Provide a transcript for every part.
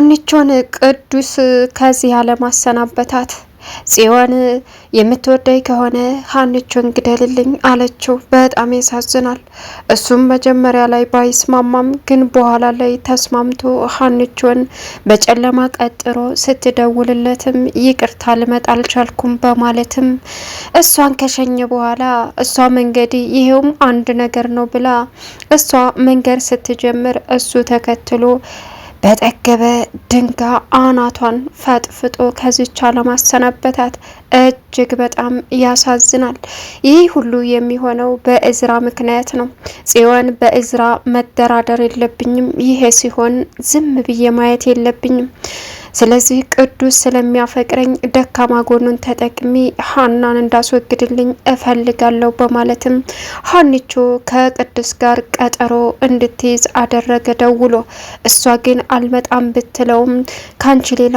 አንቾን ቅዱስ ከዚህ ዓለም አሰናበታት። ጽዮን የምትወደኝ ከሆነ ሀንቾን ግደልልኝ አለችው። በጣም ያሳዝናል። እሱም መጀመሪያ ላይ ባይስማማም ግን በኋላ ላይ ተስማምቶ ሀንቾን በጨለማ ቀጥሮ ስትደውልለትም ይቅርታ ልመጣ አልቻልኩም በማለትም እሷን ከሸኘ በኋላ እሷ መንገድ ይሄውም አንድ ነገር ነው ብላ እሷ መንገድ ስትጀምር እሱ ተከትሎ በጠገበ ድንጋ አናቷን ፈጥፍጦ ከዚቻ ለማሰናበታት እጅግ በጣም ያሳዝናል። ይህ ሁሉ የሚሆነው በእዝራ ምክንያት ነው። ጽዮን በእዝራ መደራደር የለብኝም፣ ይሄ ሲሆን ዝም ብዬ ማየት የለብኝም ስለዚህ ቅዱስ ስለሚያፈቅረኝ ደካማ ጎኑን ተጠቅሚ ሀናን እንዳስወግድልኝ እፈልጋለሁ በማለትም ሀኒቾ ከቅዱስ ጋር ቀጠሮ እንድትይዝ አደረገ ደውሎ። እሷ ግን አልመጣም ብትለውም ካንቺ ሌላ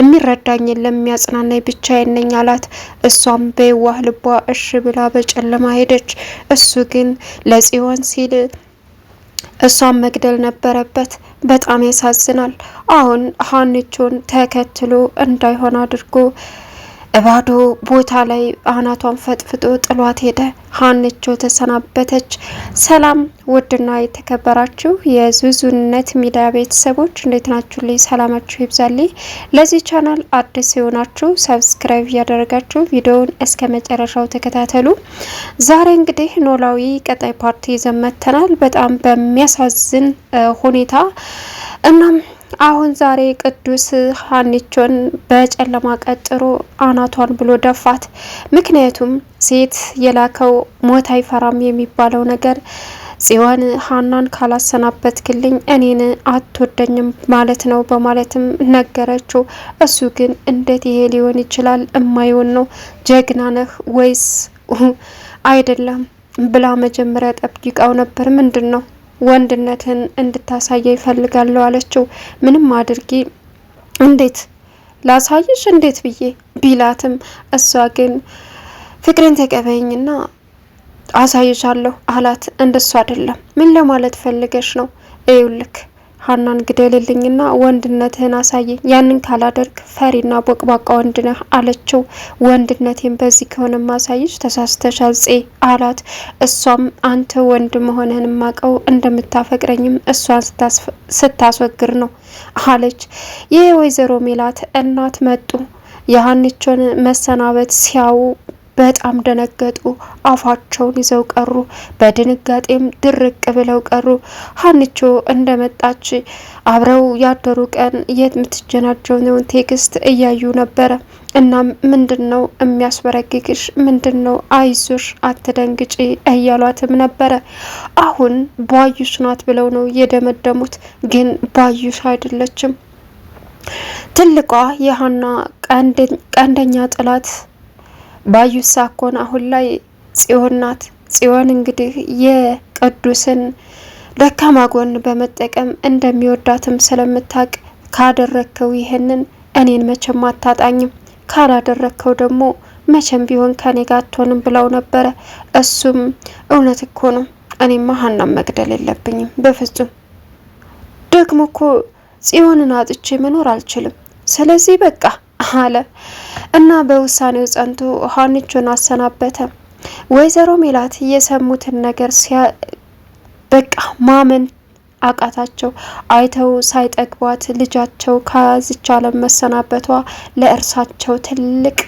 የሚረዳኝ ለሚያጽናናኝ ብቻ የነኝ አላት። እሷም በየዋህ ልቧ እሺ ብላ በጨለማ ሄደች። እሱ ግን ለጽዮን ሲል እሷን መግደል ነበረበት። በጣም ያሳዝናል። አሁን ሀንቾን ተከትሎ እንዳይሆን አድርጎ እባዶ ቦታ ላይ አናቷን ፈጥፍጦ ጥሏት ሄደ። ሀንቾ ተሰናበተች። ሰላም ውድና የተከበራችሁ የዙዙነት ሚዲያ ቤተሰቦች እንዴት ናችሁ? ልይ ሰላማችሁ ይብዛልኝ። ለዚህ ቻናል አዲስ የሆናችሁ ሰብስክራይብ እያደረጋችሁ ቪዲዮውን እስከ መጨረሻው ተከታተሉ። ዛሬ እንግዲህ ኖላዊ ቀጣይ ፓርቲ ይዘን መጥተናል። በጣም በሚያሳዝን ሁኔታ እናም አሁን ዛሬ ቅዱስ ሀኒቾን በጨለማ ቀጥሮ አናቷን ብሎ ደፋት። ምክንያቱም ሴት የላከው ሞት አይፈራም የሚባለው ነገር ጽዮን ሀናን ካላሰናበትክልኝ እኔን አትወደኝም ማለት ነው በማለትም ነገረችው። እሱ ግን እንዴት ይሄ ሊሆን ይችላል? እማይሆን ነው። ጀግና ነህ ወይስ አይደለም ብላ መጀመሪያ ጠብቂቃው ነበር። ምንድን ነው ወንድነትን እንድታሳየ ይፈልጋለሁ አለችው። ምንም አድርጊ እንዴት ላሳይሽ እንዴት ብዬ ቢላትም እሷ ግን ፍቅርን ተቀበይኝና አሳይሻለሁ አላት። እንደሱ አይደለም ምን ለማለት ፈልገሽ ነው? እዩልክ ሀናን ግደልልኝና ወንድነትህን አሳየኝ፣ ያንን ካላደርግ ፈሪና ቦቅባቃ ወንድ ነህ አለችው። ወንድነቴን በዚህ ከሆነ ማሳየች ተሳስተሻል ፄ አላት። እሷም አንተ ወንድ መሆንህን ማቀው እንደምታፈቅረኝም እሷን ስታስወግር ነው አለች። ይህ ወይዘሮ ሜላት እናት መጡ። የሀኒቾን መሰናበት ሲያዩ በጣም ደነገጡ። አፋቸውን ይዘው ቀሩ። በድንጋጤም ድርቅ ብለው ቀሩ። ሀንቾ እንደመጣች አብረው ያደሩ ቀን የምትጀናጀነውን ቴክስት እያዩ ነበረ። እናም ምንድን ነው የሚያስበረግግሽ? ምንድን ነው? አይዞሽ፣ አትደንግጪ እያሏትም ነበረ። አሁን ባዩሽ ናት ብለው ነው የደመደሙት፣ ግን ባዩሽ አይደለችም። ትልቋ የሀና ቀንደኛ ጥላት ባዩት ሳኮን አሁን ላይ ጽዮን ናት። ጽዮን እንግዲህ የቅዱስን ደካማ ጎን በመጠቀም እንደሚወዳትም ስለምታቅ ካደረግከው ይህንን እኔን መቼም አታጣኝም፣ ካላደረግከው ደግሞ መቼም ቢሆን ከኔ ጋር አትሆንም ብለው ነበረ። እሱም እውነት እኮ ነው፣ እኔማ ሀናም መግደል የለብኝም በፍጹም። ደግሞ እኮ ጽዮንን አጥቼ መኖር አልችልም። ስለዚህ በቃ አለ እና በውሳኔው ጸንቶ ሀኒቾን አሰናበተ። ወይዘሮ ሜላት የሰሙትን ነገር ሲያ በቃ ማመን አቃታቸው። አይተው ሳይጠግቧት ልጃቸው ከዚች ዓለም መሰናበቷ ለእርሳቸው ትልቅ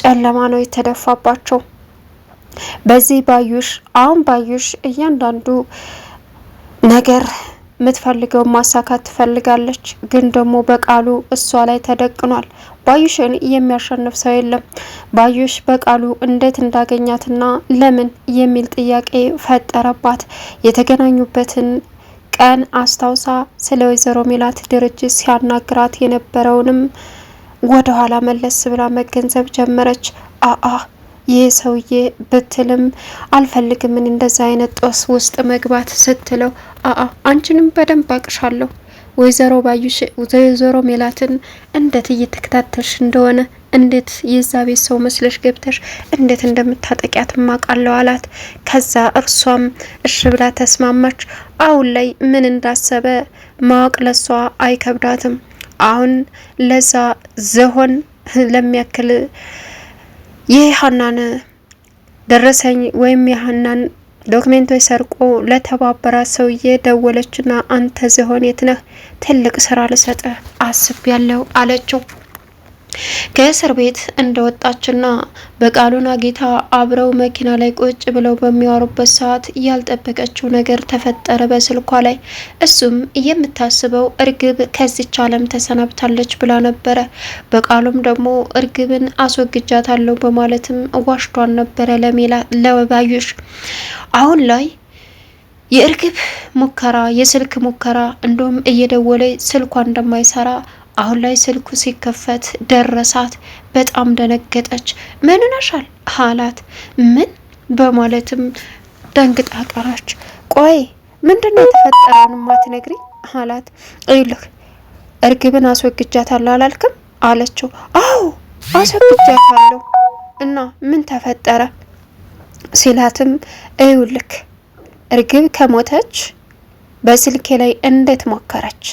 ጨለማ ነው የተደፋባቸው። በዚህ ባዩሽ አሁን ባዩሽ እያንዳንዱ ነገር የምትፈልገው ማሳካት ትፈልጋለች። ግን ደግሞ በቃሉ እሷ ላይ ተደቅኗል። ባዩሽን የሚያሸንፍ ሰው የለም። ባዩሽ በቃሉ እንዴት እንዳገኛትና ለምን የሚል ጥያቄ ፈጠረባት። የተገናኙበትን ቀን አስታውሳ ስለ ወይዘሮ ሜላት ድርጅት ሲያናግራት የነበረውንም ወደ ኋላ መለስ ብላ መገንዘብ ጀመረች። አአ ይህ ሰውዬ ብትልም አልፈልግም ምን እንደዛ አይነት ጦስ ውስጥ መግባት ስትለው አአ አንቺንም በደንብ አቅሻለሁ ወይዘሮ ባዩሽ ወይዘሮ ሜላትን እንዴት እየተከታተልሽ እንደሆነ እንዴት የዛ ቤት ሰው መስለሽ ገብተሽ እንዴት እንደምታጠቂያት ማቃለው አላት። ከዛ እርሷም እሽ ብላ ተስማማች። አሁን ላይ ምን እንዳሰበ ማወቅ ለሷ አይከብዳትም። አሁን ለዛ ዝሆን ለሚያክል ይህ ደረሰኝ ወይም የሀናን ዶክሜንቶች ሰርቆ ለተባበራ ሰውዬ ደወለችና አንተ ዝሆን የት ነህ? ትልቅ ስራ ልሰጥህ ያለው አለችው። ከእስር ቤት እንደወጣችና በቃሉና ጌታ አብረው መኪና ላይ ቁጭ ብለው በሚያወሩበት ሰዓት ያልጠበቀችው ነገር ተፈጠረ በስልኳ ላይ። እሱም የምታስበው እርግብ ከዚች ዓለም ተሰናብታለች ብላ ነበረ። በቃሉም ደግሞ እርግብን አስወግጃታለሁ በማለትም ዋሽቷን ነበረ ለሜላ ለባዩሽ አሁን ላይ የእርግብ ሙከራ የስልክ ሙከራ እንዲሁም እየደወለ ስልኳ እንደማይሰራ አሁን ላይ ስልኩ ሲከፈት ደረሳት። በጣም ደነገጠች። ምን ነሻል አላት። ምን በማለትም ደንግጣ ቀራች። ቆይ ምንድነው የተፈጠረው የተፈጠረውን ማትነግሪ አላት። ይልህ እርግብን አስወግጃታለሁ አላልክም አለችው። አዎ አስወግጃታለሁ እና ምን ተፈጠረ ሲላትም እዩልክ እርግብ ከሞተች በስልኬ ላይ እንዴት ሞከረች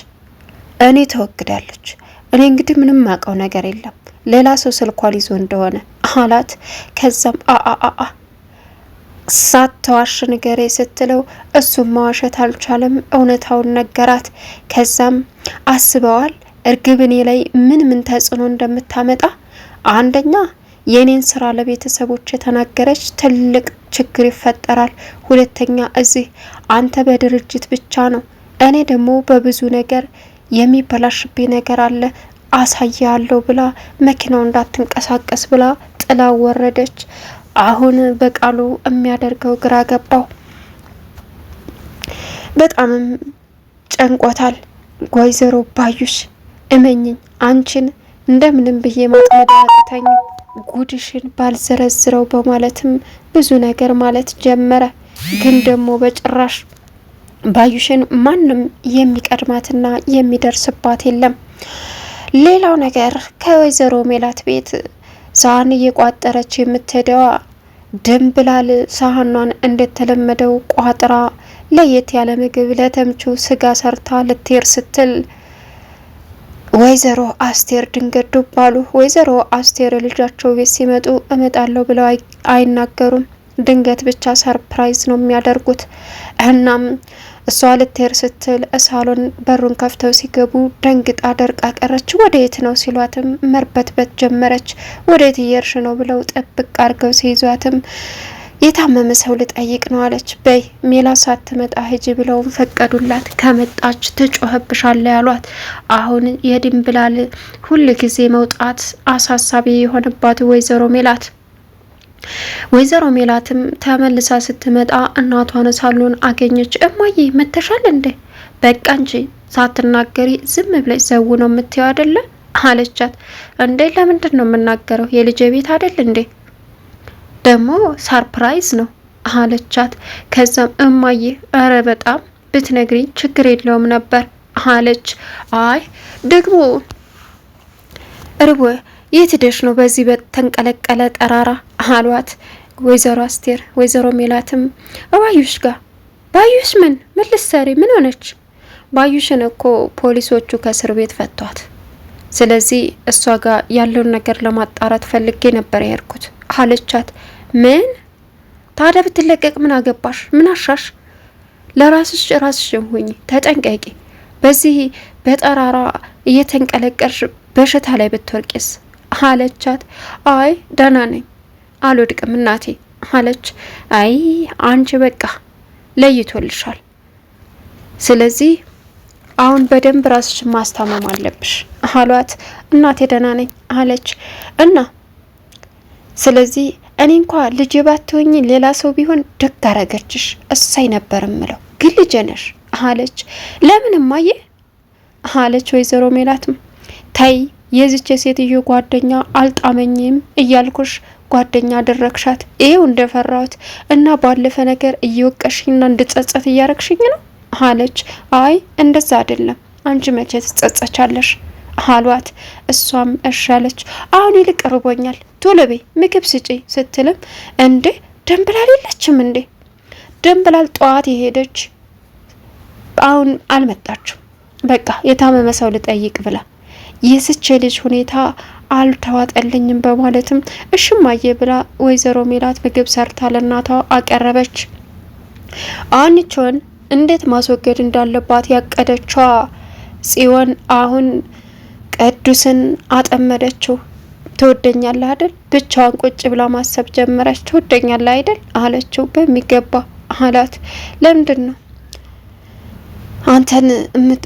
እኔ ተወግዳለች። እኔ እንግዲህ ምንም ማቀው ነገር የለም ሌላ ሰው ስልኳን ይዞ እንደሆነ አላት። ከዛም አአአአ ሳትዋሽ ንገሬ ስትለው እሱም መዋሸት አልቻለም፣ እውነታውን ነገራት። ከዛም አስበዋል እርግብ እኔ ላይ ምን ምን ተጽዕኖ እንደምታመጣ አንደኛ የኔን ስራ ለቤተሰቦች የተናገረች ትልቅ ችግር ይፈጠራል። ሁለተኛ እዚህ አንተ በድርጅት ብቻ ነው እኔ ደግሞ በብዙ ነገር የሚበላሽብኝ ነገር አለ አሳያለሁ ብላ መኪናው እንዳትንቀሳቀስ ብላ ጥላ ወረደች። አሁን በቃሉ የሚያደርገው ግራ ገባው። በጣምም ጨንቆታል። ወይዘሮ ባዩሽ እመኝኝ፣ አንቺን እንደምንም ብዬ ማጥመድ አያቅተኝም፣ ጉድሽን ባልዘረዝረው በማለትም ብዙ ነገር ማለት ጀመረ። ግን ደግሞ በጭራሽ ባዩሽን ማንም የሚቀድማትና የሚደርስባት የለም። ሌላው ነገር ከወይዘሮ ሜላት ቤት ሳህን እየቋጠረች የምትሄደዋ ድም ብላል ሳህኗን እንደተለመደው ቋጥራ ለየት ያለ ምግብ ለተምቹ ስጋ ሰርታ ልትሄድ ስትል ወይዘሮ አስቴር ድንገት ዱብ አሉ። ወይዘሮ አስቴር ልጃቸው ቤት ሲመጡ እመጣለሁ ብለው አይናገሩም። ድንገት ብቻ ሰርፕራይዝ ነው የሚያደርጉት። እናም እሷ ልትሄድ ስትል ሳሎን በሩን ከፍተው ሲገቡ ደንግጣ ደርቃ ቀረች። ወደ የት ነው ሲሏትም መርበትበት ጀመረች። ወደ የት እየርሽ ነው ብለው ጥብቅ አድርገው ሲይዟትም የታመመ ሰው ልጠይቅ ነው አለች። በይ ሜላ ሳትመጣ ሂጂ ብለውም ፈቀዱላት። ከመጣች ትጮህብሻለ ያሏት። አሁን የድንብላል ሁል ጊዜ መውጣት አሳሳቢ የሆነባት ወይዘሮ ሜላት ወይዘሮ ሜላትም ተመልሳ ስትመጣ እናቷን ሳሎን አገኘች። እማዬ መተሻል እንዴ? በቃ እንጂ ሳትናገሪ ዝም ብለሽ ዘው ነው የምትየው አደለ? አለቻት። እንዴ ለምንድን ነው የምናገረው? የልጄ ቤት አደል እንዴ? ደግሞ ሰርፕራይዝ ነው አለቻት። ከዛም እማዬ እረ በጣም ብትነግሪኝ ችግር የለውም ነበር አለች። አይ ደግሞ እርቦ የት ደሽ ነው በዚህ በተንቀለቀለ ጠራራ አሏት ወይዘሮ አስቴር። ወይዘሮ ሜላትም እባዩሽ ጋር ባዩሽ ምን ምን ልትሰሪ ምን ሆነች? ባዩሽን እኮ ፖሊሶቹ ከእስር ቤት ፈቷት። ስለዚህ እሷ ጋር ያለውን ነገር ለማጣራት ፈልጌ ነበር የሄድኩት አለቻት። ምን ታዲያ ብትለቀቅ ምን አገባሽ? ምን አሻሽ? ለራስሽ ራስሽ ሁኚ፣ ተጠንቀቂ። በዚህ በጠራራ እየተንቀለቀልሽ በሽታ ላይ ብትወርቂስ አለቻት። አይ ደህና ነኝ አልወድቅም እናቴ አለች። አይ አንቺ በቃ ለይቶልሻል። ስለዚህ አሁን በደንብ ራስሽ ማስታመም አለብሽ አሏት። እናቴ ደህና ነኝ አለች እና ስለዚህ እኔ እንኳ ልጄ ባትሆኝ ሌላ ሰው ቢሆን ደግ አረገችሽ እሳይ ነበር ምለው፣ ግን ልጄ ነሽ አለች። ለምንም አየ አለች ወይዘሮ ሜላትም ታይ የዚች የሴትዮ ጓደኛ አልጣመኝም እያልኩሽ ጓደኛ አደረግሻት። ይሄው እንደፈራሁት እና ባለፈ ነገር እየወቀሽኝና እንድጸጸት እያረግሽኝ ነው አለች። አይ እንደዛ አይደለም፣ አንቺ መቼ ትጸጸቻለሽ አሏት። እሷም እሻለች፣ አሁን ይልቅ ርቦኛል፣ ቶሎ በይ ምግብ ስጪ ስትልም እንዴ ደንብላል የለችም እንዴ ደንብላል ጠዋት የሄደች አሁን አልመጣችም። በቃ የታመመ ሰው ልጠይቅ ብላ የዝች ልጅ ሁኔታ አልተዋጠልኝም በማለትም እሽማዬ ብላ ወይዘሮ ሜላት ምግብ ሰርታ ለእናቷ አቀረበች። አንቾን እንዴት ማስወገድ እንዳለባት ያቀደቿ ጽዮን አሁን ቅዱስን አጠመደችው። ትወደኛለህ አይደል? ብቻዋን ቁጭ ብላ ማሰብ ጀመረች። ትወደኛለህ አይደል አለችው። በሚገባ አላት። ለምንድን ነው አንተን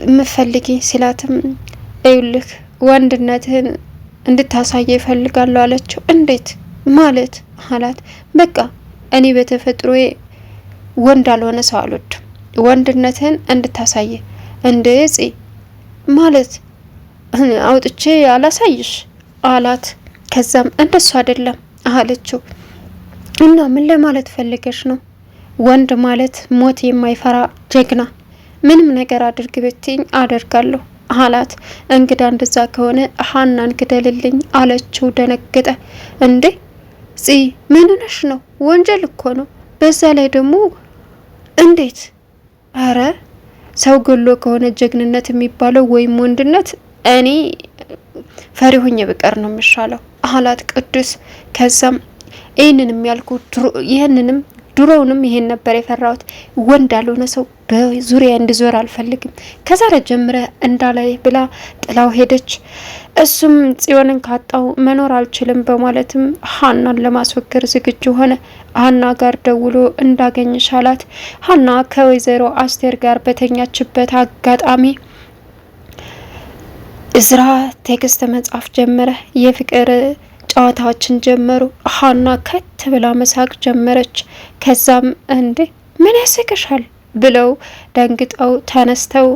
የምፈልጊ ሲላትም እዩልህ ወንድነትህን እንድታሳየ ይፈልጋሉ አለችው። እንዴት ማለት አላት። በቃ እኔ በተፈጥሮዬ ወንድ አልሆነ ሰው አልወድም። ወንድነትህን እንድታሳየ እንደ እጽ ማለት አውጥቼ አላሳይሽ አላት። ከዛም እንደሱ አይደለም አለችው። እና ምን ለማለት ፈልገሽ ነው? ወንድ ማለት ሞት የማይፈራ ጀግና፣ ምንም ነገር አድርግ ብትኝ አደርጋለሁ አላት። እንግዳ እንደዛ ከሆነ ሀናን ግደልልኝ አለችው። ደነገጠ። እንዴ ፂ ምንነሽ ነው? ወንጀል እኮ ነው። በዛ ላይ ደግሞ እንዴት አረ ሰው ገሎ ከሆነ ጀግንነት የሚባለው ወይም ወንድነት እኔ ፈሪ ሆኜ ብቀር ነው የሚሻለው አላት ቅዱስ። ከዛም ይህንንም ያልኩ ይህንንም ድሮውንም ይሄን ነበር የፈራሁት። ወንድ ያልሆነ ሰው በዙሪያ እንዲዞር አልፈልግም፣ ከዛሬ ጀምረ እንዳላይ ብላ ጥላው ሄደች። እሱም ጽዮንን ካጣው መኖር አልችልም በማለትም ሀናን ለማስወገድ ዝግጁ ሆነ። ሀና ጋር ደውሎ እንዳገኝሽ አላት። ሀና ከወይዘሮ አስቴር ጋር በተኛችበት አጋጣሚ እዝራ ቴክስት መጻፍ ጀመረ የፍቅር ጨዋታዎችን ጀመሩ። ሀና ከት ብላ መሳቅ ጀመረች። ከዛም እንዴ ምን ያስቅሻል ብለው ደንግጠው ተነስተው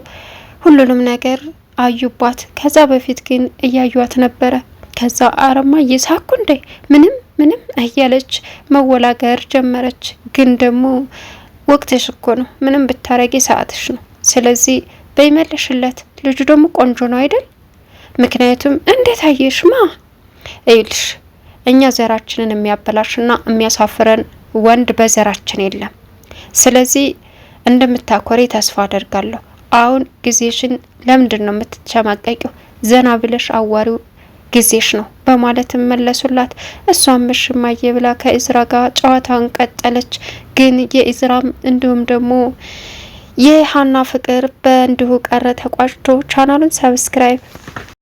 ሁሉንም ነገር አዩባት። ከዛ በፊት ግን እያዩት ነበረ። ከዛ አረማ እየሳኩ እንዴ ምንም ምንም እያለች መወላገር ጀመረች። ግን ደግሞ ወቅትሽ እኮ ነው፣ ምንም ብታረጊ ሰዓትሽ ነው። ስለዚህ በይመለሽለት ልጁ ደግሞ ቆንጆ ነው አይደል? ምክንያቱም እንዴት አየሽ ማ ይልሽ እኛ ዘራችንን የሚያበላሽና የሚያሳፍረን ወንድ በዘራችን የለም። ስለዚህ እንደምታኮሪ ተስፋ አደርጋለሁ። አሁን ጊዜሽን ለምንድን ነው የምትጨማቀቂው? ዘና ብለሽ አዋሪው ጊዜሽ ነው በማለት መለሱላት። እሷም እሽማዬ ብላ ከኢዝራ ጋር ጨዋታን ቀጠለች። ግን የኢዝራም እንዲሁም ደግሞ የሀና ፍቅር በእንዲሁ ቀረ ተቋጭቶ ቻናሉን ሰብስክራይብ